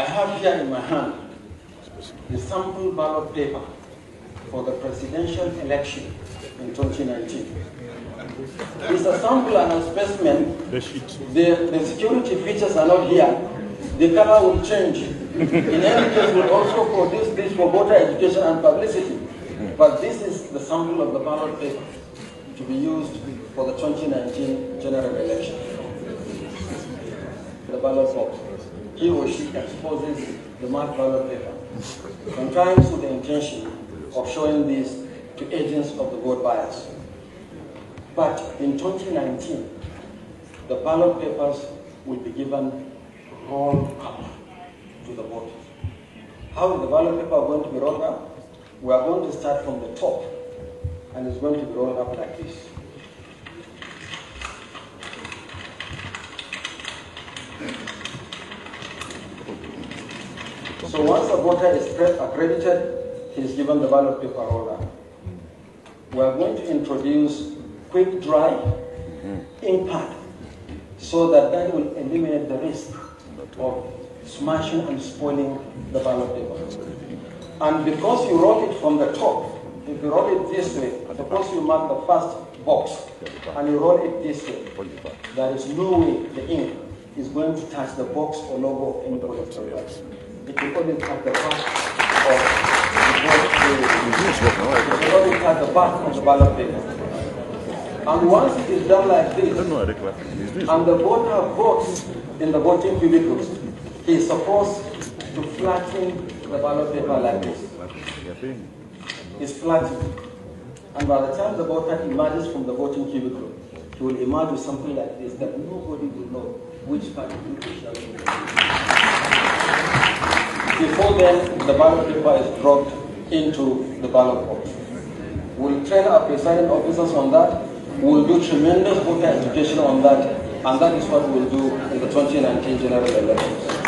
I have here in my hand the sample ballot paper for the presidential election in 2019. It's a sample and a specimen. The, the security features are not here. The color will change. In any case, we'll also produce this for voter education and publicity. But this is the sample of the ballot paper to be used for the 2019 general election ballot box, he or she exposes the marked ballot paper, sometimes with the intention of showing this to agents of the vote buyers. But in 2019, the ballot papers will be given rolled up to the voters. How the ballot paper going to be rolled up? We are going to start from the top, and it's going to be rolled up like this. So once a voter is accredited, he is given the ballot paper roller. We are going to introduce quick dry mm-hmm. impact so that that will eliminate the risk of smashing and spoiling the ballot paper. And because you wrote it from the top, if you roll it this way, suppose you mark the first box and you roll it this way, there is no way the ink is going to touch the box or logo in the political It will only touch the back of the, the, the, the, only touch the back of the ballot paper. And once it is done like this, and the voter votes in the voting cubicles, he is supposed to flatten the ballot paper like this. It's flattened. And by the time the voter emerges from the voting cubicle, will emerge with something like this that nobody will know which part of the shall Before then, the ballot paper is dropped into the ballot box. We'll train our presiding officers on that. We'll do tremendous voter education on that. And that is what we'll do in the 2019 general elections.